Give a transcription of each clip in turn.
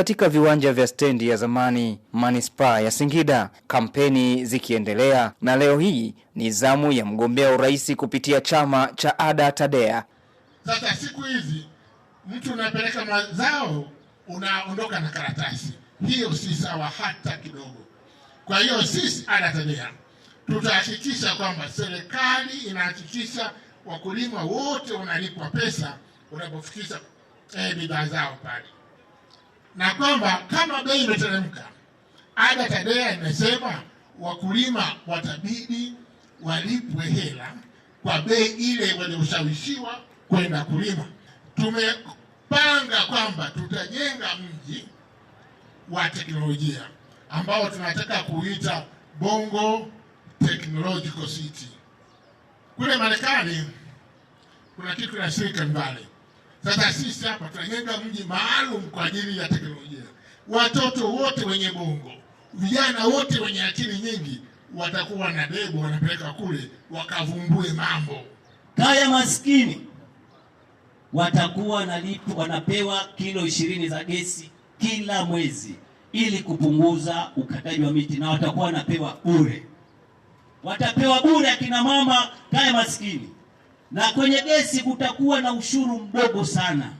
katika viwanja vya stendi ya zamani manispaa ya Singida, kampeni zikiendelea, na leo hii ni zamu ya mgombea urais kupitia chama cha Ada Tadea. Sasa siku hizi mtu unapeleka mazao unaondoka na karatasi hiyo, si sawa hata kidogo. Kwa hiyo sisi Ada Tadea tutahakikisha kwamba serikali inahakikisha wakulima wote wanalipwa pesa unapofikisha eh, bidhaa zao pale na kwamba kama bei imeteremka, ada TADEA imesema wakulima watabidi walipwe hela kwa bei ile walioshawishiwa kwenda kulima. Tumepanga kwamba tutajenga mji wa teknolojia ambao tunataka kuita Bongo Technological City. Kule Marekani kuna kitu na Silicon Valley. Sasa sisi hapa tunajenga mji maalum kwa ajili ya teknolojia. Watoto wote wenye bongo, vijana wote wenye akili nyingi watakuwa na debo, wanapeleka kule wakavumbue mambo kaya. Maskini watakuwa nalipo, wanapewa kilo ishirini za gesi kila mwezi ili kupunguza ukataji wa miti, na watakuwa wanapewa bure, watapewa bure akina mama kaya maskini na kwenye gesi kutakuwa na ushuru mdogo sana.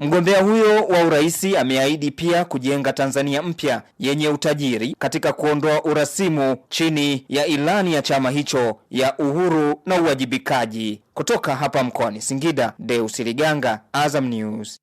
Mgombea huyo wa urais ameahidi pia kujenga Tanzania mpya yenye utajiri katika kuondoa urasimu chini ya ilani ya chama hicho ya uhuru na uwajibikaji. Kutoka hapa mkoani Singida, Deus Liganga, Azam News.